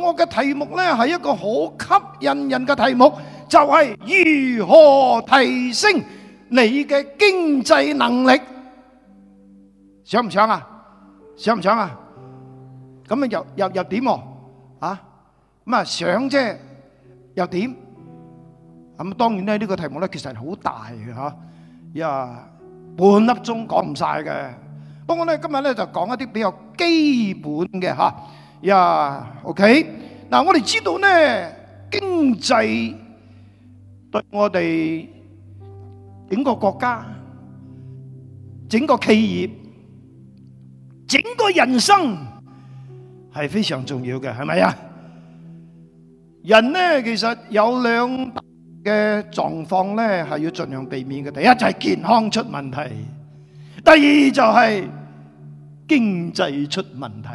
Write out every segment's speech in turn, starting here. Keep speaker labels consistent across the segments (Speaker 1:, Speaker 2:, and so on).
Speaker 1: 我嘅題目咧係一個好吸引人嘅題目，就係如何提升你嘅經濟能力？想唔想啊？想唔想啊？咁啊又又又點啊？咁啊想啫又點？咁當然咧，呢個題目咧其實係好大嘅嗬，呀半粒鐘講唔晒嘅。不過咧今日咧就講一啲比較基本嘅吓。呀，OK，嗱，我哋知道咧，經濟對我哋整個國家、整個企業、整個人生係非常重要嘅，係咪啊？人咧其實有兩大嘅狀況咧，係要盡量避免嘅。第一就係健康出問題，第二就係經濟出問題。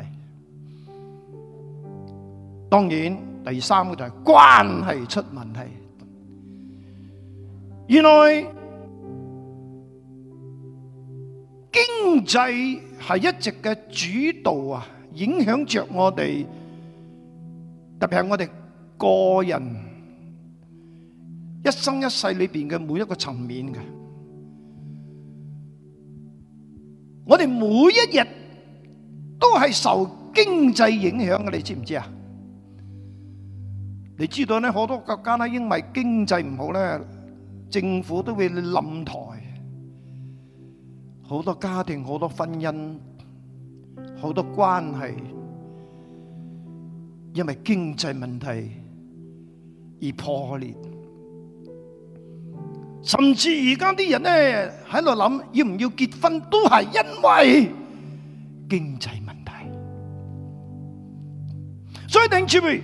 Speaker 1: 當然，第三個就係關係出問題。原來經濟係一直嘅主導啊，影響着我哋，特別係我哋個人一生一世裏邊嘅每一個層面嘅。我哋每一日都係受經濟影響嘅，你知唔知啊？你知道咧，好多國家咧，因為經濟唔好咧，政府都會冧台，好多家庭、好多婚姻、好多關係，因為經濟問題而破裂。甚至而家啲人咧喺度諗要唔要結婚，都係因為經濟問題。所以頂住？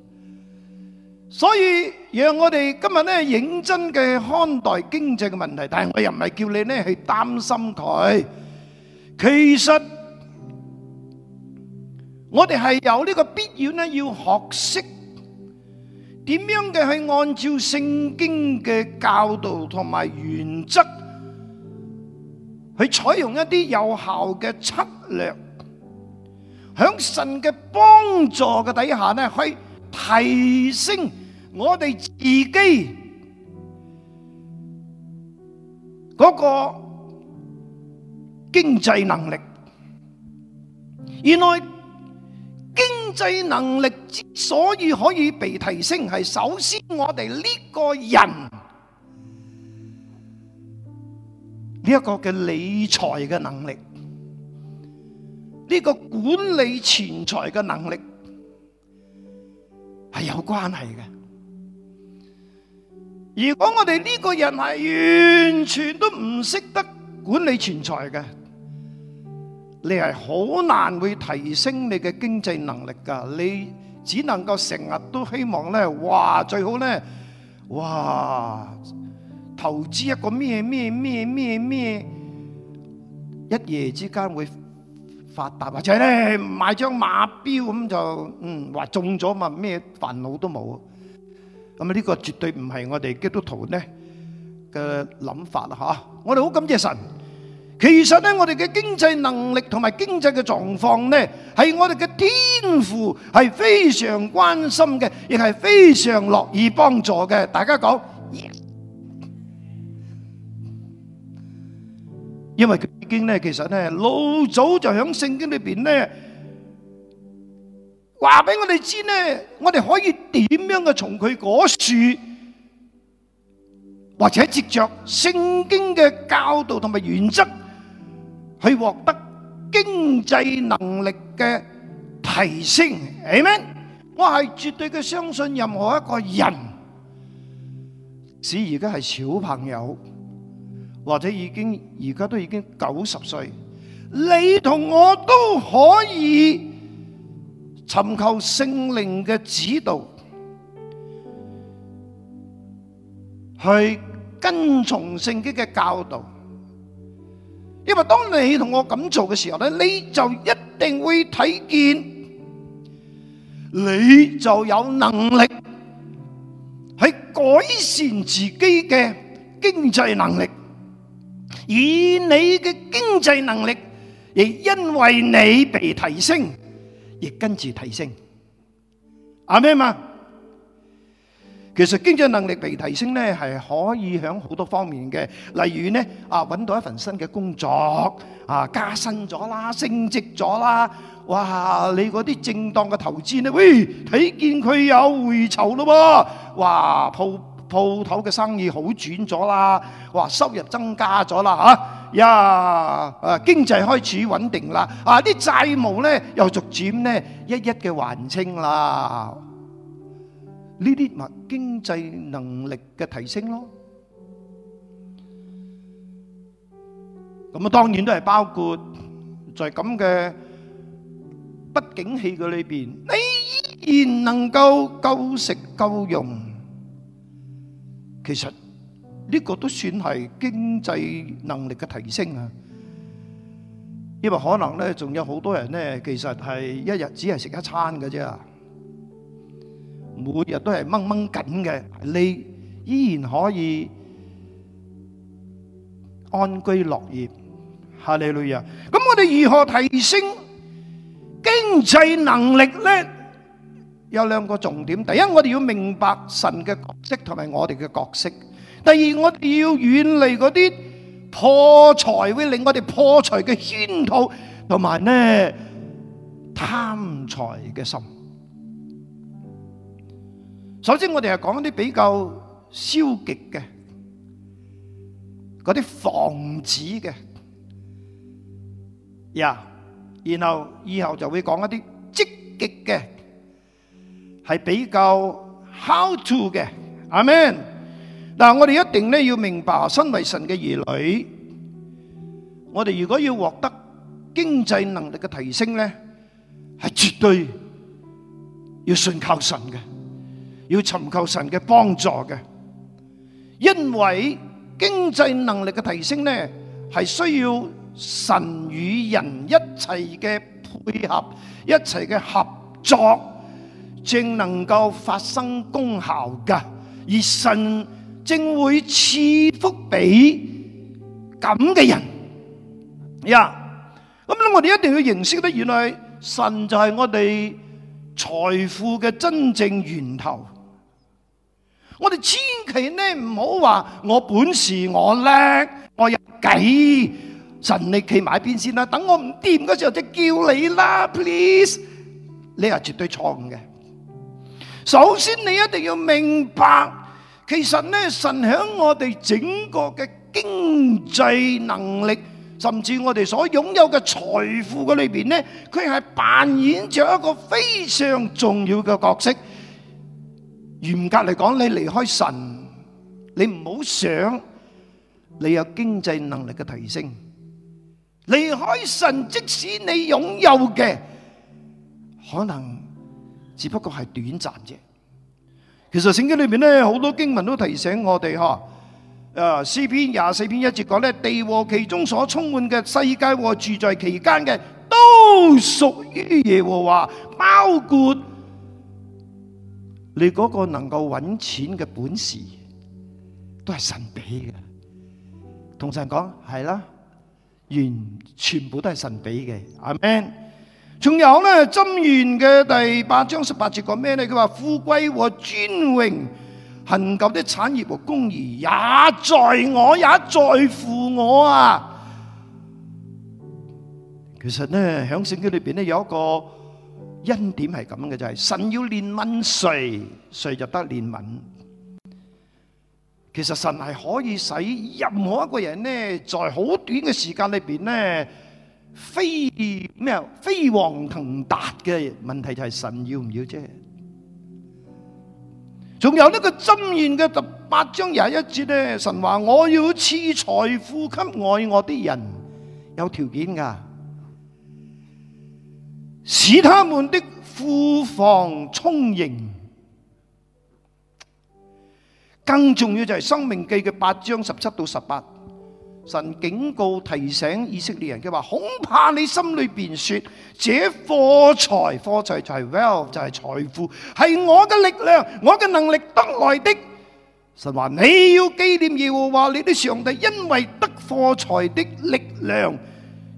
Speaker 1: 所以讓我哋今日咧認真嘅看待經濟嘅問題，但係我又唔係叫你咧去擔心佢。其實我哋係有呢個必要咧，要學識點樣嘅去按照聖經嘅教導同埋原則去採用一啲有效嘅策略，響神嘅幫助嘅底下咧去提升。我哋自己嗰個經濟能力，原來經濟能力之所以可以被提升，係首先我哋呢個人呢，一個嘅理財嘅能力，呢個管理錢財嘅能力係有關係嘅。如果我哋呢個人係完全都唔識得管理錢財嘅，你係好難會提升你嘅經濟能力噶。你只能夠成日都希望咧，哇最好咧，哇投資一個咩咩咩咩咩，一夜之間會發達，或者咧買張馬標咁就嗯，話中咗嘛，咩煩惱都冇。咁啊，呢個絕對唔係我哋基督徒咧嘅諗法啦，吓！我哋好感謝神。其實咧，我哋嘅經濟能力同埋經濟嘅狀況咧，係我哋嘅天父，係非常關心嘅，亦係非常樂意幫助嘅。大家講，因為聖經咧，其實咧，老早就響聖經裏邊咧，話俾我哋知咧，我哋可以。點樣嘅從佢嗰處，或者接着聖經嘅教導同埋原則，去獲得經濟能力嘅提升，係咪？我係絕對嘅相信，任何一個人，使是而家係小朋友，或者已經而家都已經九十歲，你同我都可以尋求聖靈嘅指導。去跟從聖經嘅教導，因為當你同我咁做嘅時候咧，你就一定會睇見，你就有能力去改善自己嘅經濟能力，以你嘅經濟能力，亦因為你被提升，亦跟住提升。啱咩嘛？其實經濟能力被提升咧，係可以喺好多方面嘅，例如咧啊，揾到一份新嘅工作，啊加薪咗啦，升職咗啦，哇！你嗰啲正當嘅投資咧，喂，睇見佢有回酬咯喎，哇！鋪鋪頭嘅生意好轉咗啦，哇！收入增加咗啦嚇，呀！誒經濟開始穩定啦，啊啲債務咧又逐漸咧一一嘅還清啦。呢啲咪經濟能力嘅提升咯，咁啊當然都係包括在咁嘅不景氣嘅裏邊，你依然能夠夠食夠用，其實呢個都算係經濟能力嘅提升啊！因為可能咧，仲有好多人咧，其實係一日只係食一餐㗎啫。每日都係掹掹緊嘅，你依然可以安居樂業，哈利路亞。咁我哋如何提升經濟能力咧？有兩個重點：第一，我哋要明白神嘅角色同埋我哋嘅角色；第二，我哋要遠離嗰啲破財會令我哋破財嘅圈套，同埋呢貪財嘅心。首先，我哋係講一啲比較消極嘅，嗰啲防止嘅，呀，然後以後就會講一啲積極嘅，係比較 how to 嘅。阿們，嗱，我哋一定咧要明白，身為神嘅兒女，我哋如果要獲得經濟能力嘅提升咧，係絕對要信靠神嘅。要尋求神嘅幫助嘅，因為經濟能力嘅提升呢，係需要神與人一齊嘅配合，一齊嘅合作，正能夠發生功效㗎。而神正會賜福俾咁嘅人呀。咁咧，我哋一定要認識得，原來神就係我哋財富嘅真正源頭。我哋千祈咧，唔好話我本事我叻，我有計，神你企埋一邊先啦。等我唔掂嗰時候就叫你啦，please。呢係絕對錯誤嘅。首先，你一定要明白，其實咧，神響我哋整個嘅經濟能力，甚至我哋所擁有嘅財富嘅裏邊咧，佢係扮演着一個非常重要嘅角色。嚴格嚟講，你離開神，你唔好想你有經濟能力嘅提升。離開神，即使你擁有嘅，可能只不過係短暫啫。其實聖經裏邊咧，好多經文都提醒我哋呵，誒，詩篇廿四篇一節講咧，地和其中所充滿嘅世界和住在其間嘅，都屬於耶和華，包括。你嗰個能夠搵錢嘅本事，都係神俾嘅。同神講係啦，完全部都係神俾嘅。阿 Man，仲有咧，箴言嘅第八章十八節講咩咧？佢話，富貴和尊榮、恆久的產業和公義，也在我，也在乎我啊。其實咧，響聖經裏邊咧有一個。恩典係咁嘅，就係神要憐憫誰，誰就得憐憫。其實神係可以使任何一個人咧，在好短嘅時間裏邊咧，飛咩飛黃騰達嘅問題就係神要唔要啫。仲有呢個箴言嘅第八章廿一節咧，神話我要賜財富給愛我啲人，有條件噶。使他們的庫房充盈。更重要就係《申命記》嘅八章十七到十八，神警告提醒以色列人嘅話，恐怕你心裏邊說：這貨財，貨財就係 wealth，就係財富，係我嘅力量，我嘅能力得來的。神話你要紀念耶和華你啲上帝，因為得貨財的力量。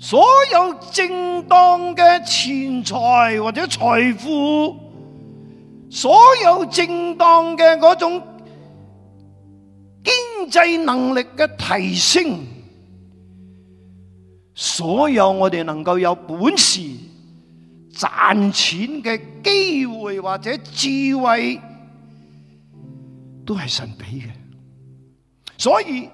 Speaker 1: 所有正當嘅錢財或者財富，所有正當嘅嗰種經濟能力嘅提升，所有我哋能夠有本事賺錢嘅機會或者智慧，都係神俾嘅。所以，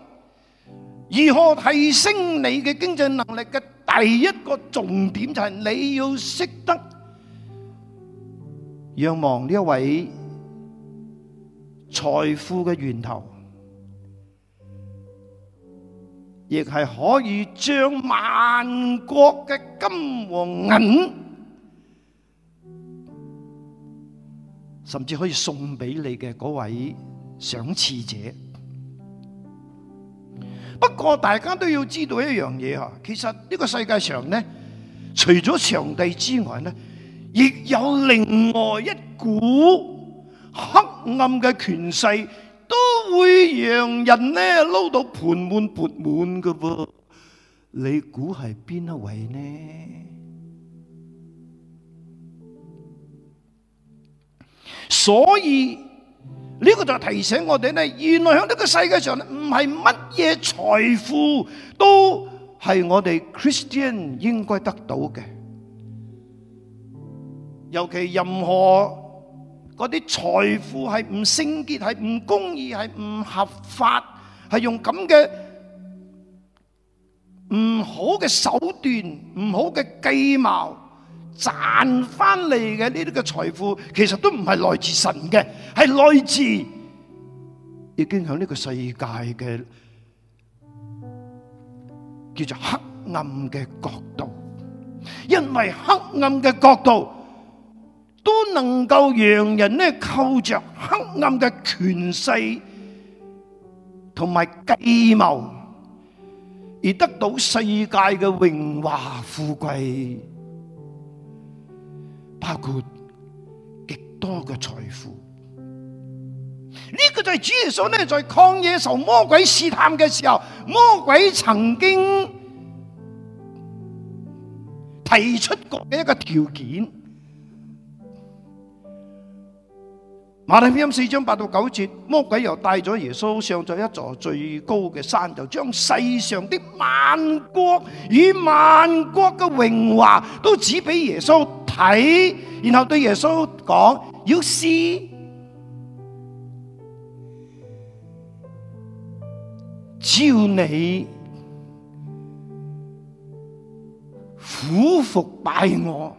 Speaker 1: 如何提升你嘅經濟能力嘅？第一個重點就係你要識得仰望呢位財富嘅源頭，亦係可以將萬國嘅金和銀，甚至可以送俾你嘅嗰位賞賜者。不過大家都要知道一樣嘢嚇，其實呢個世界上呢，除咗上帝之外呢，亦有另外一股黑暗嘅權勢，都會讓人呢撈到盤滿缽滿㗎噃。你估係邊一位呢？所以。呢個就係提醒我哋咧，原來喺呢個世界上唔係乜嘢財富都係我哋 Christian 應該得到嘅，尤其任何嗰啲財富係唔聖潔、係唔公義、係唔合法、係用咁嘅唔好嘅手段、唔好嘅計謀。賺翻嚟嘅呢啲嘅財富，其實都唔係來自神嘅，係來自已經響呢個世界嘅叫做黑暗嘅角度，因為黑暗嘅角度都能夠讓人呢靠着黑暗嘅權勢同埋計謀，而得到世界嘅榮華富貴。包括極多嘅財富，呢個就係主耶穌呢，在曠野受魔鬼試探嘅時候，魔鬼曾經提出過嘅一個條件。馬太福音四章八到九節，魔鬼又帶咗耶穌上咗一座最高嘅山，就將世上的萬國與萬國嘅榮華都指俾耶穌。睇，然後對耶穌講，要施，只要你俯伏拜我，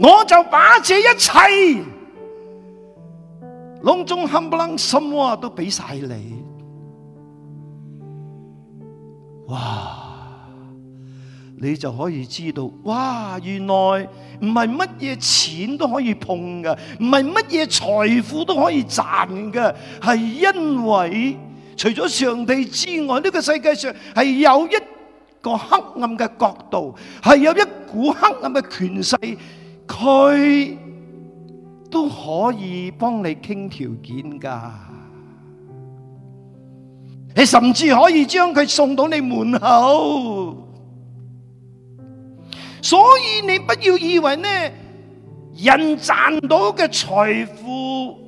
Speaker 1: 我就把這一切囊中冚唪唥什麼都俾晒你，哇！你就可以知道，哇！原來唔係乜嘢錢都可以碰噶，唔係乜嘢財富都可以賺噶，係因為除咗上帝之外，呢個世界上係有一個黑暗嘅角度，係有一股黑暗嘅權勢，佢都可以幫你傾條件噶，你甚至可以將佢送到你門口。所以你不要以為呢人賺到嘅財富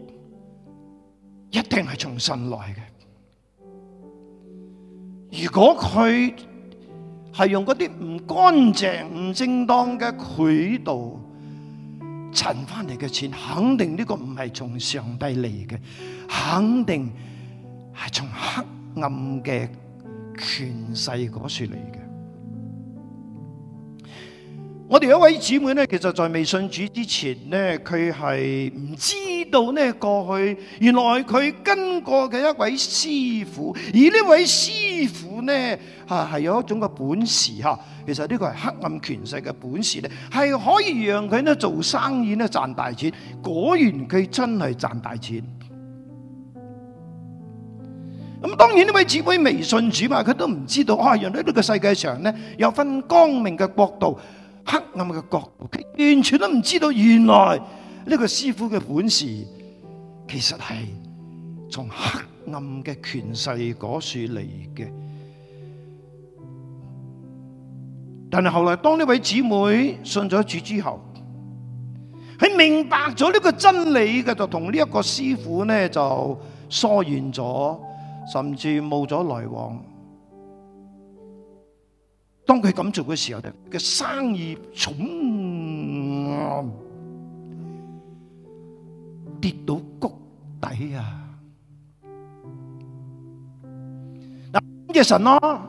Speaker 1: 一定係從神來嘅。如果佢係用嗰啲唔乾淨、唔正當嘅渠道，賺翻嚟嘅錢，肯定呢個唔係從上帝嚟嘅，肯定係從黑暗嘅權勢嗰處嚟嘅。我哋一位姊妹呢，其實在未信主之前呢，佢係唔知道呢。過去，原來佢跟過嘅一位師傅，而呢位師傅呢，吓、啊、係有一種嘅本事吓、啊，其實呢個係黑暗權勢嘅本事呢，係可以讓佢呢做生意呢賺大錢。果然佢真係賺大錢。咁當然呢位姊妹未信主啊，佢都唔知道，啊，原來呢個世界上呢，有份光明嘅國度。黑暗嘅角落，佢完全都唔知道，原來呢個師傅嘅本事其實係從黑暗嘅權勢 𠮶 處嚟嘅。但係後來，當呢位姊妹信咗主之後，佢明白咗呢個真理嘅，就同呢一個師傅呢就疏遠咗，甚至冇咗來往。當佢咁做嘅時候，佢嘅生意重跌到谷底啊！嗱，感謝神咯，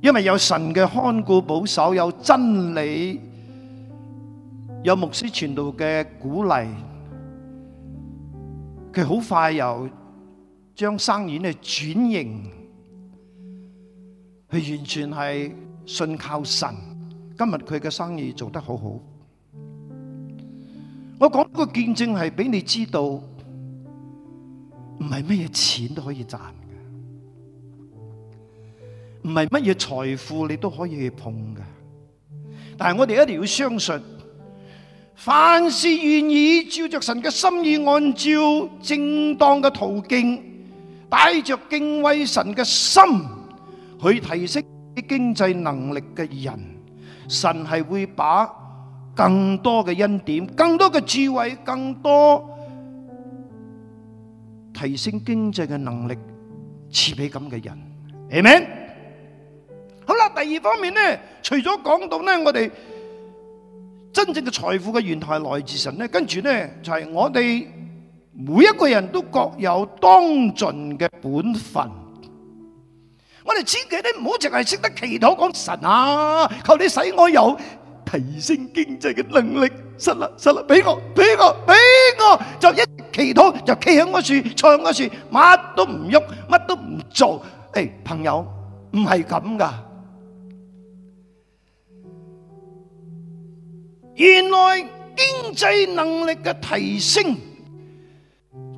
Speaker 1: 因為有神嘅看顧保守，有真理，有牧師傳道嘅鼓勵，佢好快又將生意咧轉型，佢完全係。信靠神，今日佢嘅生意做得好好。我講個見證係俾你知道，唔係乜嘢錢都可以賺嘅，唔係乜嘢財富你都可以去碰嘅。但係我哋一定要相信，凡是願意照着神嘅心意，按照正當嘅途徑，帶着敬畏神嘅心去提升。啲經濟能力嘅人，神係會把更多嘅恩典、更多嘅智慧、更多提升經濟嘅能力賜俾咁嘅人。Amen。好啦，第二方面呢，除咗講到呢，我哋真正嘅財富嘅源頭係來自神呢，跟住呢，就係我哋每一個人都各有當盡嘅本分。我哋千祈都唔好淨係識得祈禱講神啊！求你使我有提升經濟嘅能力，實啦實啦！俾我俾我俾我就一祈禱就企喺個樹坐喺個樹，乜都唔喐，乜都唔做。誒，朋友唔係咁噶，原來經濟能力嘅提升。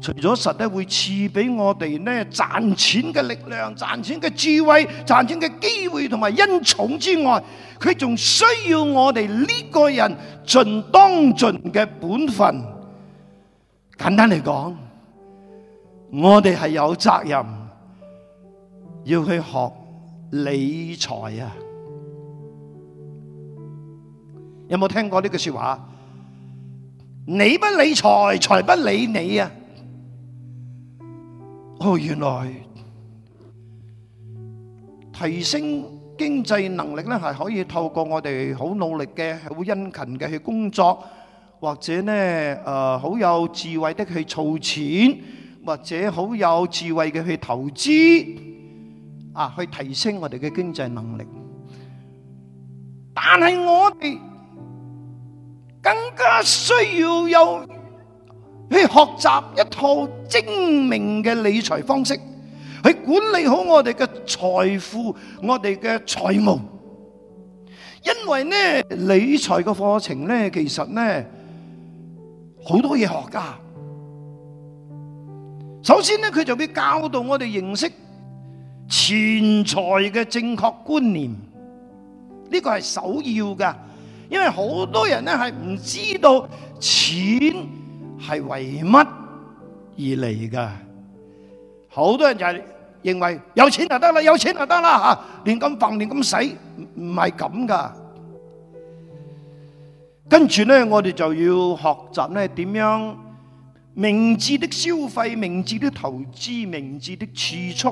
Speaker 1: 除咗實咧會賜俾我哋咧賺錢嘅力量、賺錢嘅智慧、賺錢嘅機會同埋恩寵之外，佢仲需要我哋呢個人盡當盡嘅本分。簡單嚟講，我哋係有責任要去學理財啊！有冇聽過呢句說話？你不理財，財不理你啊！哦，原來提升經濟能力咧，係可以透過我哋好努力嘅，好殷勤嘅去工作，或者咧誒好有智慧的去儲錢，或者好有智慧嘅去投資，啊，去提升我哋嘅經濟能力。但係我哋更加需要有。去學習一套精明嘅理財方式，去管理好我哋嘅財富，我哋嘅財務。因為呢理財嘅課程呢，其實呢好多嘢學噶。首先呢，佢就會教導我哋認識錢財嘅正確觀念，呢個係首要噶。因為好多人呢係唔知道錢。係為乜而嚟噶？好多人就係認為有錢就得啦，有錢就得啦吓，亂咁放，亂咁使，唔係咁噶。跟住咧，我哋就要學習咧，點樣明智的消費、明智的投資、明智的儲蓄，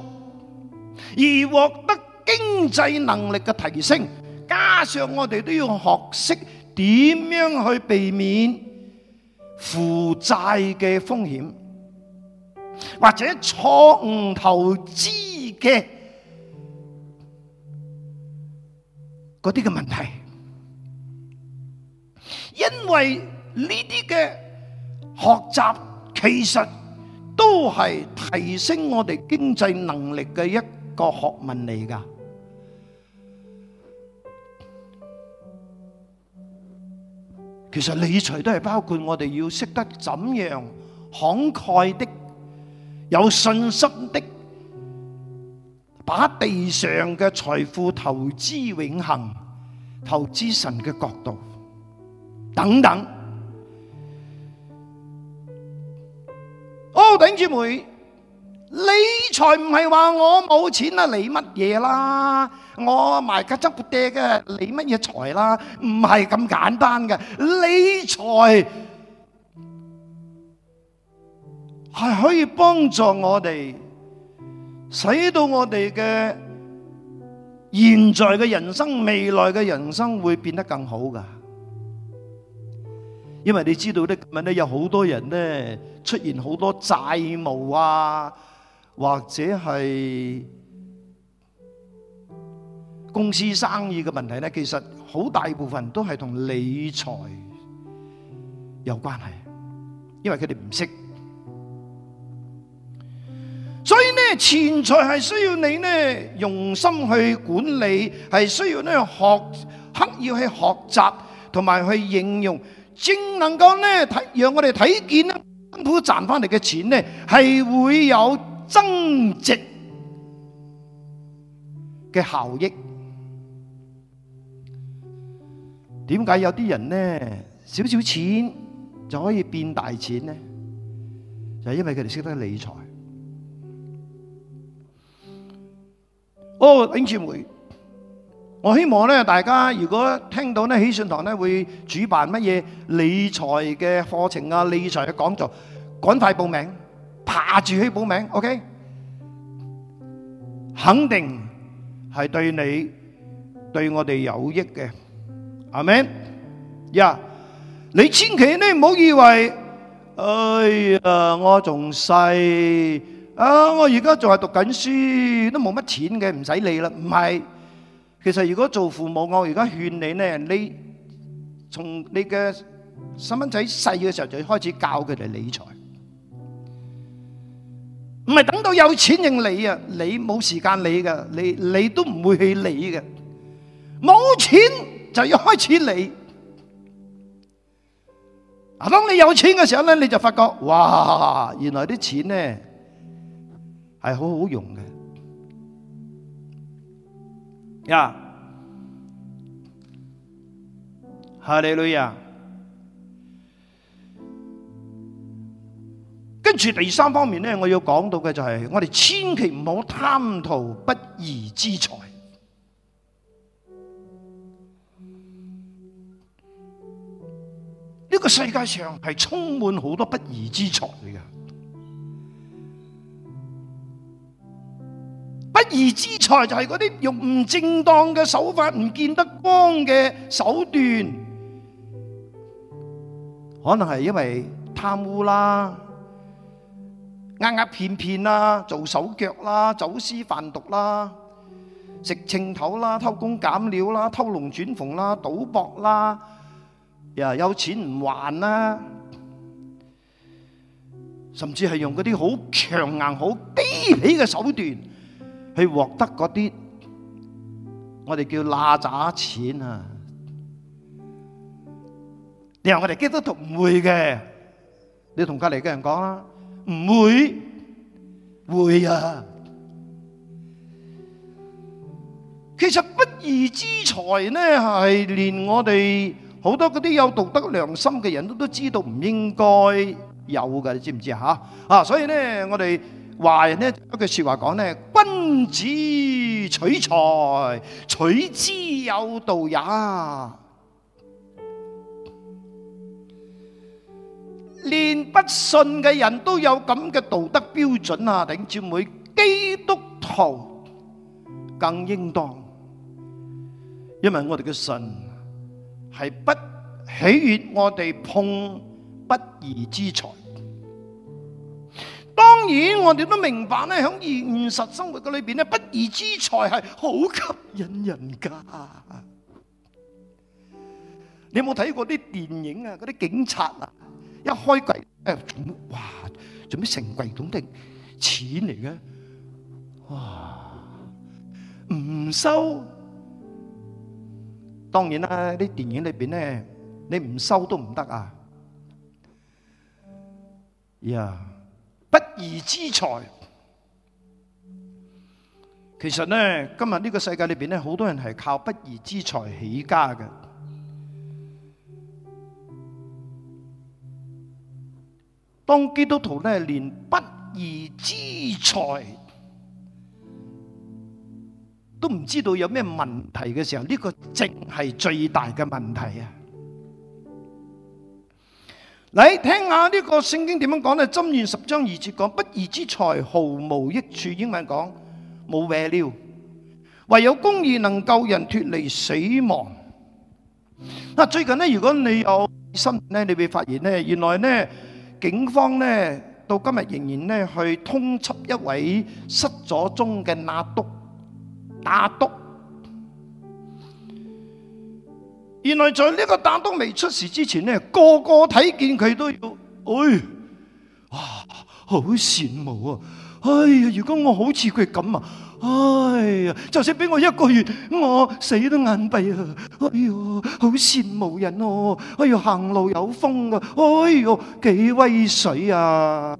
Speaker 1: 而獲得經濟能力嘅提升。加上我哋都要學識點樣去避免。負債嘅風險，或者錯誤投資嘅嗰啲嘅問題，因為呢啲嘅學習其實都係提升我哋經濟能力嘅一個學問嚟㗎。其實理財都係包括我哋要識得怎樣慷慨的、有信心的，把地上嘅財富投資永恆，投資神嘅角度等等。哦、oh，頂住咩？理財唔係話我冇錢啊，理乜嘢啦？我賣吉汁跌嘅，理乜嘢財啦？唔係咁簡單嘅，理財係可以幫助我哋，使到我哋嘅現在嘅人生、未來嘅人生會變得更好噶。因為你知道咧，今日咧有好多人咧出現好多債務啊。或者係公司生意嘅問題咧，其實好大部分都係同理財有關係，因為佢哋唔識。所以咧，錢財係需要你呢用心去管理，係需要呢學刻意去學習同埋去應用，正能夠咧睇讓我哋睇見啊！辛苦賺翻嚟嘅錢咧，係會有。增值嘅效益，點解有啲人呢少少錢就可以變大錢呢？就係因為佢哋識得理財。哦，英志梅，我希望呢大家如果聽到呢喜訊堂咧會主辦乜嘢理財嘅課程啊、理財嘅講座，趕快報名。爬住去報名，OK？肯定係對你對我哋有益嘅，阿妹。呀，你千祈呢唔好以為，誒，我仲細啊，我而家仲係讀緊書，都冇乜錢嘅，唔使理啦。唔係，其實如果做父母，我而家勸你呢，你從你嘅細蚊仔細嘅時候就開始教佢哋理財。唔係等到有錢認理啊，你冇時間理噶你你都唔會去理嘅。冇錢就要開始理。當你有錢嘅時候咧，你就發覺哇，原來啲錢咧係好好用嘅呀。哈利路亞。跟住第三方面咧，我要講到嘅就係我哋千祈唔好貪圖不義之財。呢個世界上係充滿好多不義之財嘅，不義之財就係嗰啲用唔正當嘅手法，唔見得光嘅手段，可能係因為貪污啦。呃呃騙騙啦，做手腳啦，走私販毒啦，食秤頭啦，偷工減料啦，偷龍轉鳳啦，賭博啦，呀有錢唔還啦，甚至係用嗰啲好強硬、好卑鄙嘅手段去獲得嗰啲我哋叫邋遢錢啊！然後我哋基督徒唔會嘅，你同隔籬嘅人講啦。唔會，會啊！其實不義之財呢，係連我哋好多嗰啲有道德良心嘅人都都知道唔應該有㗎，你知唔知啊？啊！所以呢，我哋華人呢一句説話講呢，君子取財，取之有道也。連不信嘅人都有咁嘅道德標準啊！頂住每基督徒更應當，因為我哋嘅信係不喜悅我哋碰不義之財。當然，我哋都明白咧，喺現實生活嘅裏邊咧，不義之財係好吸引人㗎啊！你有冇睇過啲電影啊？嗰啲警察啊？一開櫃誒，哇！做咩成櫃咁的錢嚟嘅？哇！唔收，當然啦，啲電影裏邊咧，你唔收都唔得啊！呀，不義之財，其實咧，今日呢個世界裏邊咧，好多人係靠不義之財起家嘅。當基督徒咧，連不義之財都唔知道有咩問題嘅時候，呢、這個正係最大嘅問題啊！你聽下呢個聖經點樣講咧？箴言十章二節講：不義之財毫無益處。英文講冇謂料，唯有公義能救人脫離死亡。嗱、啊，最近呢，如果你有心咧，你會發現呢，原來呢。警方呢，到今日仍然呢去通緝一位失咗蹤嘅阿督。打督，原來在呢個打督未出事之前呢，個個睇見佢都要，哎，哇，好羨慕啊！哎呀，如果我好似佢咁啊！哎呀！就算俾我一個月，我死都眼閉啊！哎呀，好羨慕人哦，啊！哎呀，行路有風啊！哎呀，幾威水啊！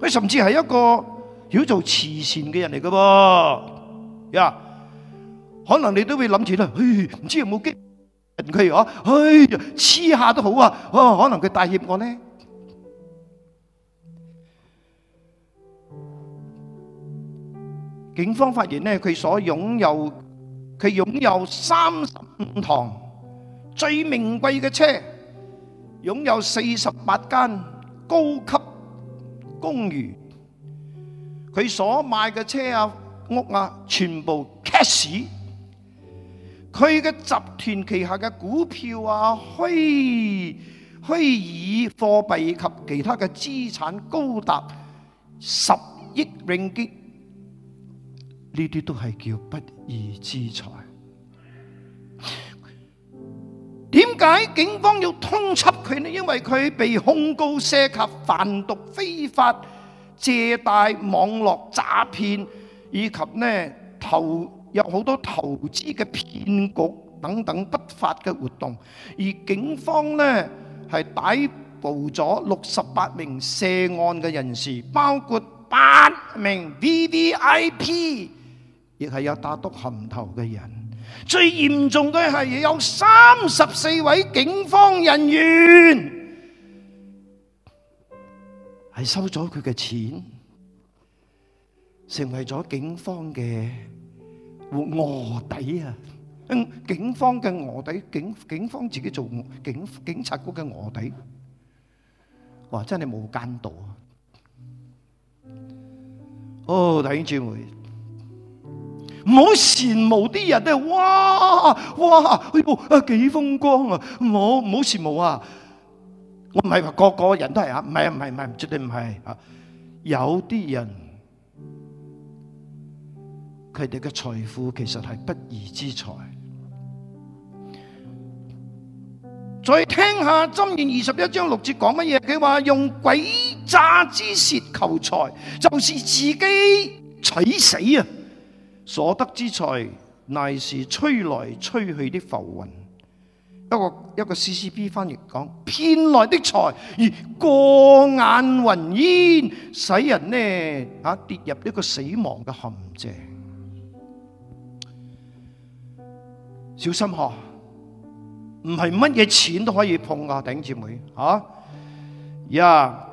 Speaker 1: 佢甚至係一個要做慈善嘅人嚟噶噃，呀、yeah，可能你都會諗住啦，唔知有冇機會啊？嘿，黐下都好啊，可能佢大謝我呢。」警方發現呢佢所擁有佢擁有三十五堂最名貴嘅車，擁有四十八間高級公寓。佢所買嘅車啊、屋啊，全部 cash。佢嘅集團旗下嘅股票啊、虛虛擬貨幣及其他嘅資產，高達十億英鎊。呢啲都係叫不義之財。點解警方要通緝佢呢？因為佢被控告涉及販毒、非法借貸、網絡詐騙，以及呢投入好多投資嘅騙局等等不法嘅活動。而警方呢係逮捕咗六十八名涉案嘅人士，包括八名 VVIP。亦係有打毒含頭嘅人，最嚴重嘅係有三十四位警方人員係收咗佢嘅錢，成為咗警方嘅臥底啊！嗯，警方嘅臥底，警警方自己做警警察局嘅臥底，哇！真係冇間道啊！哦，弟兄姊妹。唔好羨慕啲人，都係哇哇，哎呀幾風光啊！唔好唔好羨慕啊！我唔係話個個人都係啊，唔係唔係唔係，絕對唔係啊！有啲人佢哋嘅財富其實係不義之財。再聽下《箴言》二十一章六節講乜嘢？佢話用詭詐之舌求財，就是自己取死啊！所得之財，乃是吹來吹去的浮雲。一個一個 CCP 翻譯講，騙來的財而過眼雲煙，使人呢吓、啊、跌入一個死亡嘅陷阱。小心吓，唔係乜嘢錢都可以碰啊，頂姐妹啊呀！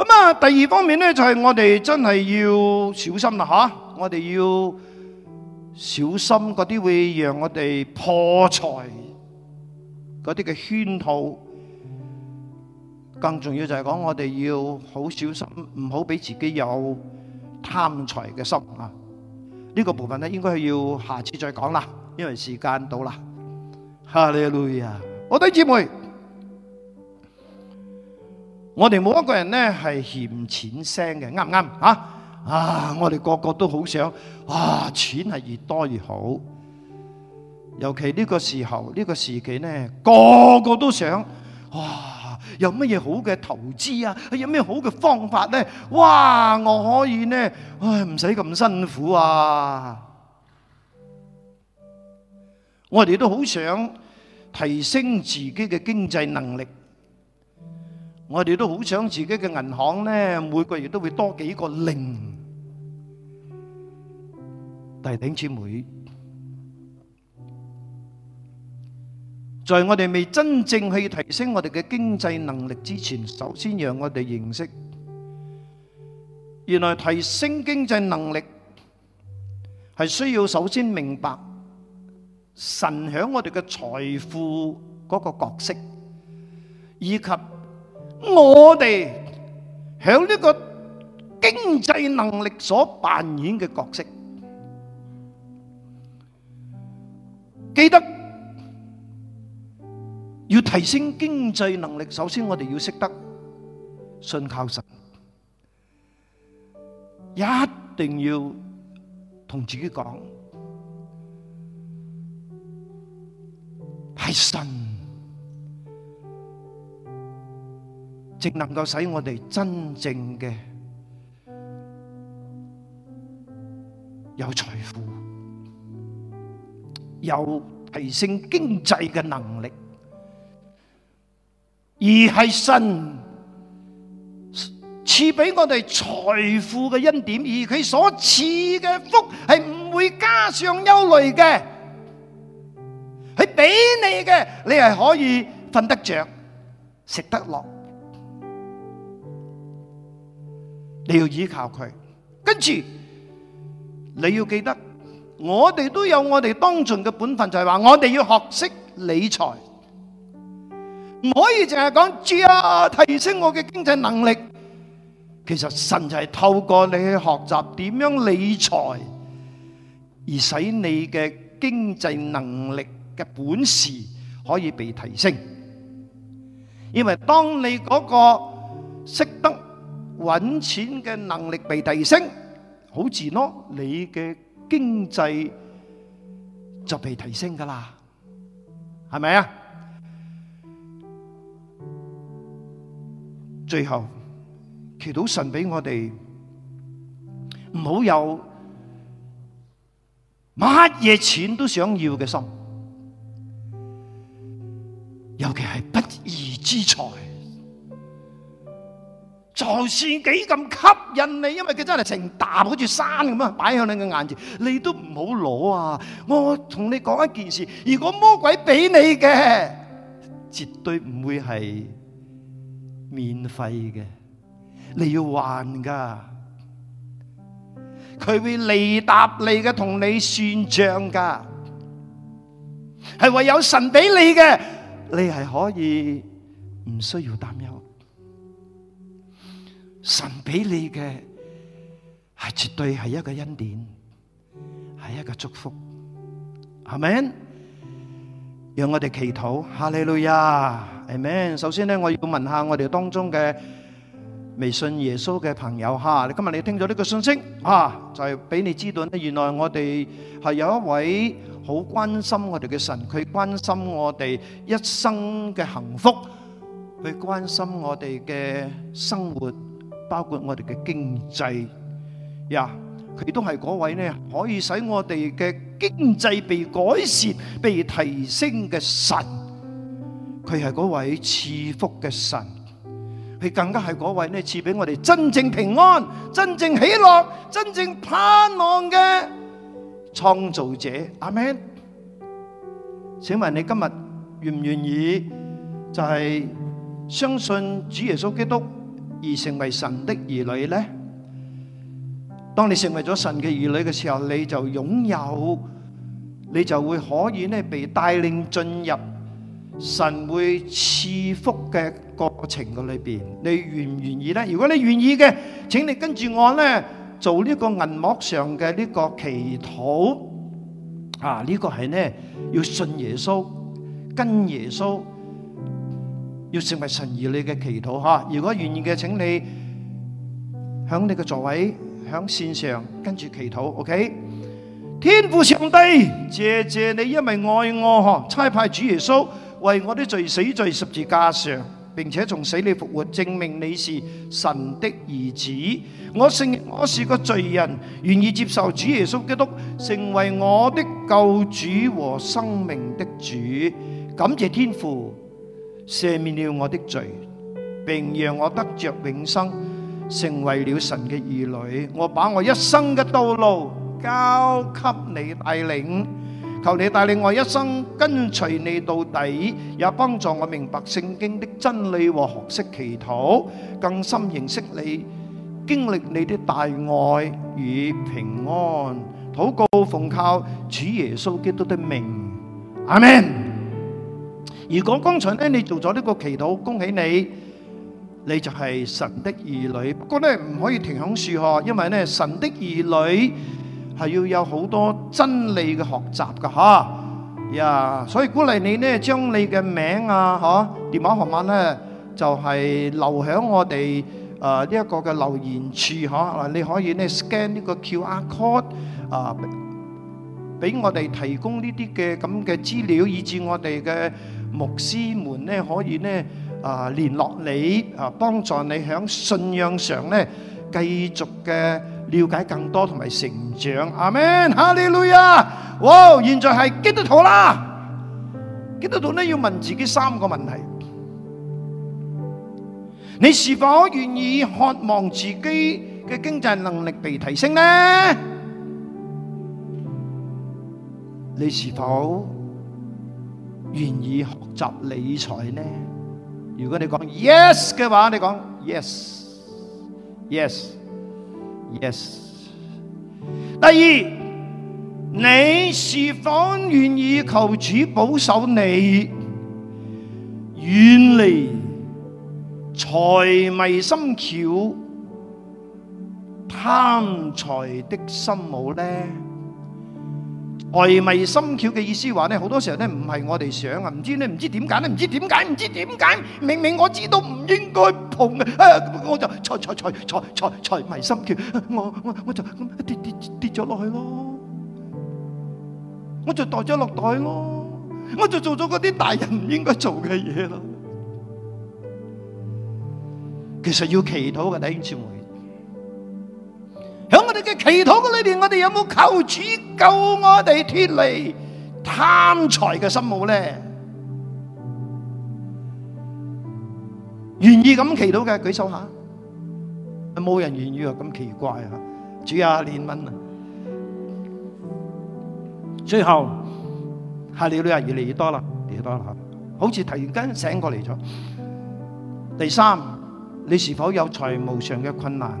Speaker 1: 咁啊，第二方面咧就係、是、我哋真係要小心啦吓、啊，我哋要小心嗰啲會讓我哋破財嗰啲嘅圈套。更重要就係講我哋要好小心，唔好俾自己有貪財嘅心啊！呢、這個部分咧應該要下次再講啦，因為時間到啦。哈利路亞，我哋姊妹。我哋冇一個人呢係嫌錢聲嘅，啱唔啱啊？啊！我哋個個都好想，哇、啊！錢係越多越好，尤其呢個時候呢、呢個時期呢個個都想，哇！有乜嘢好嘅投資啊？有咩好嘅方法呢？哇！我可以呢，唉唔使咁辛苦啊！我哋都好想提升自己嘅經濟能力。我哋都好想自己嘅銀行呢，每個月都會多幾個零。弟兄姊妹，在我哋未真正去提升我哋嘅經濟能力之前，首先讓我哋認識，原來提升經濟能力係需要首先明白神響我哋嘅財富嗰個角色，以及，我哋喺呢個經濟能力所扮演嘅角色，記得要提升經濟能力。首先，我哋要識得信靠神，一定要同自己講係神，正能夠使我哋真正嘅有財富，有提升經濟嘅能力，而係神賜俾我哋財富嘅恩典，而佢所賜嘅福係唔會加上憂慮嘅，係俾你嘅，你係可以瞓得着，食得落。你要依靠佢，跟住你要記得，我哋都有我哋當盡嘅本分，就係話我哋要學識理財，唔可以淨係講住啊，提升我嘅經濟能力。其實神就係透過你去學習點樣理財，而使你嘅經濟能力嘅本事可以被提升。因為當你嗰個識得。搵錢嘅能力被提升，好自然咯，你嘅經濟就被提升噶啦，係咪啊？最後祈禱神俾我哋唔好有乜嘢錢都想要嘅心，尤其係不義之財。就算幾咁吸引你，因為佢真係成沓好似山咁樣，擺向你嘅眼前，你都唔好攞啊！我同你講一件事，如果魔鬼俾你嘅，絕對唔會係免費嘅，你要還噶，佢會利疊利嘅同你算賬噶，係唯有神俾你嘅，你係可以唔需要擔憂。神俾你嘅，係絕對係一個恩典，係一個祝福，阿門。讓我哋祈禱，哈利路亞，阿門。首先呢，我要問下我哋當中嘅未信耶穌嘅朋友，吓，你今日你聽咗呢個信息，吓就係俾你知道，原來我哋係有一位好關心我哋嘅神，佢關心我哋一生嘅幸福，佢關心我哋嘅生活，包括我哋嘅經濟呀，佢都係嗰位呢，可以使我哋嘅經濟被改善、被提升嘅神，佢係嗰位賜福嘅神，佢更加係嗰位呢賜俾我哋真正平安、真正喜樂、真正盼望嘅創造者。阿門。請問你今日願唔願意就係相信主耶穌基督？而成為神的兒女咧，當你成為咗神嘅兒女嘅時候，你就擁有，你就會可以咧被帶領進入神會賜福嘅過程嘅裏邊。你願唔願意咧？如果你願意嘅，請你跟住我咧做呢個銀幕上嘅呢個祈禱啊！呢個係呢要信耶穌，跟耶穌。要成為神兒女嘅祈禱哈，如果願意嘅，請你響你嘅座位響線上跟住祈禱，OK？天父上帝，謝謝你因為愛我哈，差派主耶穌為我的罪死在十字架上，並且從死裏復活，證明你是神的兒子。我承認我是個罪人，願意接受主耶穌基督成為我的救主和生命的主。感謝天父。赦免了我的罪，並讓我得着永生，成為了神嘅兒女。我把我一生嘅道路交給你帶領，求你帶領我一生跟隨你到底，也幫助我明白聖經的真理和學識祈禱，更深認識你，經歷你的大愛與平安。禱告奉靠主耶穌基督的名，阿門。如果剛才咧你做咗呢個祈禱，恭喜你，你就係神的兒女。不過咧唔可以停響樹嗬，因為咧神的兒女係要有好多真理嘅學習噶吓。呀，所以鼓勵你咧，將你嘅名啊嗬，電話號碼咧就係留響我哋誒呢一個嘅留言處嗬。你可以咧 scan 呢個 QR code 啊。俾我哋提供呢啲嘅咁嘅資料，以致我哋嘅牧師們呢可以呢啊聯絡你啊，幫助你喺信仰上呢繼續嘅了解更多同埋成長。阿門，哈利路亞！哇，現在係基督徒啦！基督徒呢要問自己三個問題：你是否願意渴望自己嘅經濟能力被提升呢？你是否願意學習理財呢？如果你講 yes 嘅話，你講 yes，yes，yes yes。第二，你是否願意求主保守你，遠離財迷心竅、貪財的心目呢？財迷心竅嘅意思話咧，好多時候咧唔係我哋想啊，唔知咧唔知點解咧，唔知點解，唔知點解，明明我知道唔應該碰啊，我就財財財財財財迷心竅，我我我就跌跌跌咗落去咯，我就袋咗落袋咯，我就做咗嗰啲大人唔應該做嘅嘢咯，其實要祈禱嘅弟兄們。嘅祈禱嘅裏邊，我哋有冇求主救我哋脫離貪財嘅心務咧？願意咁祈禱嘅舉手下，冇人願意啊！咁奇怪啊！主啊，憐憫啊！最後下條女啊，越嚟越多啦，越多啦吓，好似突然間醒過嚟咗。第三，你是否有財務上嘅困難？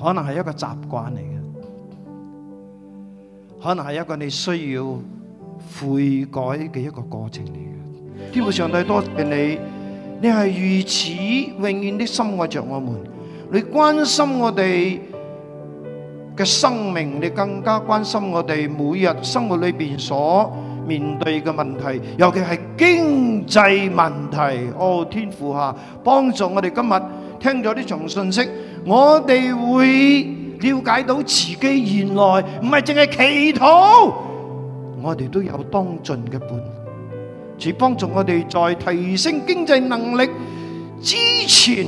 Speaker 1: 可能係一個習慣嚟嘅，可能係一個你需要悔改嘅一個過程嚟嘅。天父上帝多謝你，你係如此永遠的深愛着我們，你關心我哋嘅生命，你更加關心我哋每日生活裏面所面對嘅問題，尤其係經濟問題。哦，天父啊，幫助我哋今日聽咗呢場信息。我哋會了解到自己原來唔係淨係祈禱，我哋都有當盡嘅伴，主幫助我哋在提升經濟能力之前，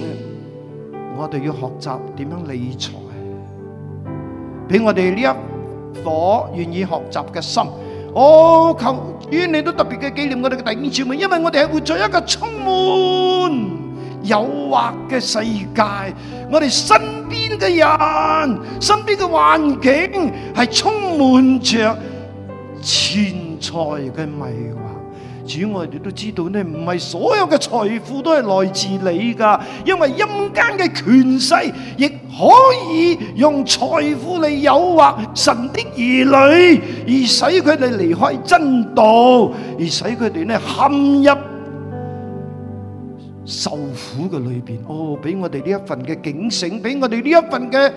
Speaker 1: 我哋要學習點樣理財，俾我哋呢一顆願意學習嘅心。我、哦、求主，你都特別嘅紀念我哋嘅弟兄姊妹，因為我哋係活咗一個充滿。誘惑嘅世界，我哋身邊嘅人、身邊嘅環境係充滿着錢財嘅迷惑。主，我哋都知道咧，唔係所有嘅財富都係來自你噶，因為陰間嘅權勢亦可以用財富嚟誘惑神的兒女，而使佢哋離開真道，而使佢哋咧陷入。受苦嘅裏邊，哦，俾我哋呢一份嘅警醒，俾我哋呢一份嘅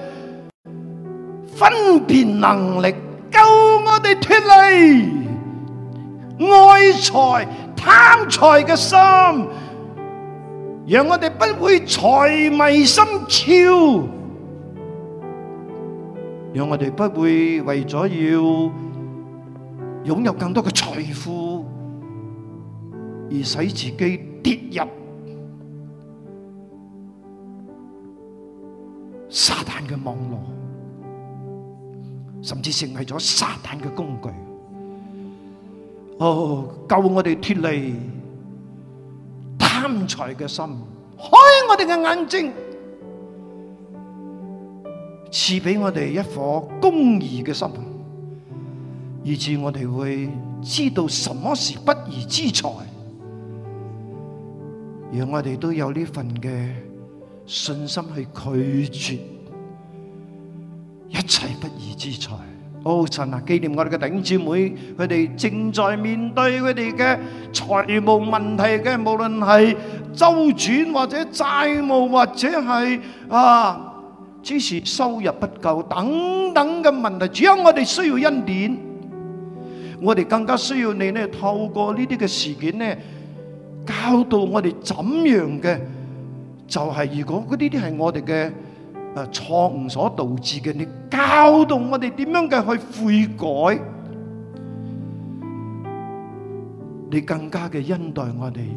Speaker 1: 分辨能力，救我哋脫離愛財貪財嘅心，讓我哋不會財迷心竅，讓我哋不會為咗要擁有更多嘅財富而使自己跌入。撒旦嘅網絡，甚至成為咗撒旦嘅工具。哦，救我哋脫離貪財嘅心，開我哋嘅眼睛，賜俾我哋一顆公義嘅心，以至我哋會知道什麼是不義之財，讓我哋都有呢份嘅。信心去拒絕一切不義之財。哦、oh，神啊，紀念我哋嘅頂姊妹，佢哋正在面對佢哋嘅財務問題嘅，無論係周轉或者債務或者係啊，只是收入不夠等等嘅問題。只有我哋需要恩典，我哋更加需要你呢。透過呢啲嘅事件呢教導我哋怎樣嘅。就係、是、如果呢啲啲係我哋嘅誒錯誤所導致嘅，你教導我哋點樣嘅去悔改，你更加嘅恩待我哋，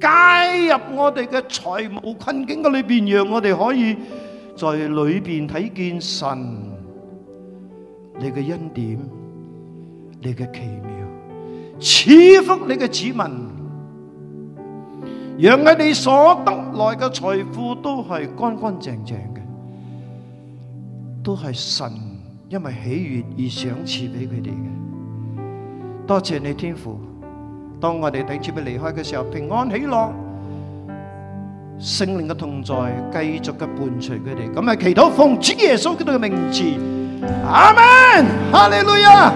Speaker 1: 介入我哋嘅財務困境嘅裏邊，讓我哋可以在裏邊睇見神你嘅恩典，你嘅奇妙，賜福你嘅子民。讓佢哋所得來嘅財富都係乾乾淨淨嘅，都係神因為喜悅而賞賜俾佢哋嘅。多謝你天父，當我哋頂住佢離開嘅時候，平安喜樂，聖靈嘅同在，繼續嘅伴隨佢哋。咁啊，祈禱奉主耶穌基督嘅名字，阿門，哈利路亞。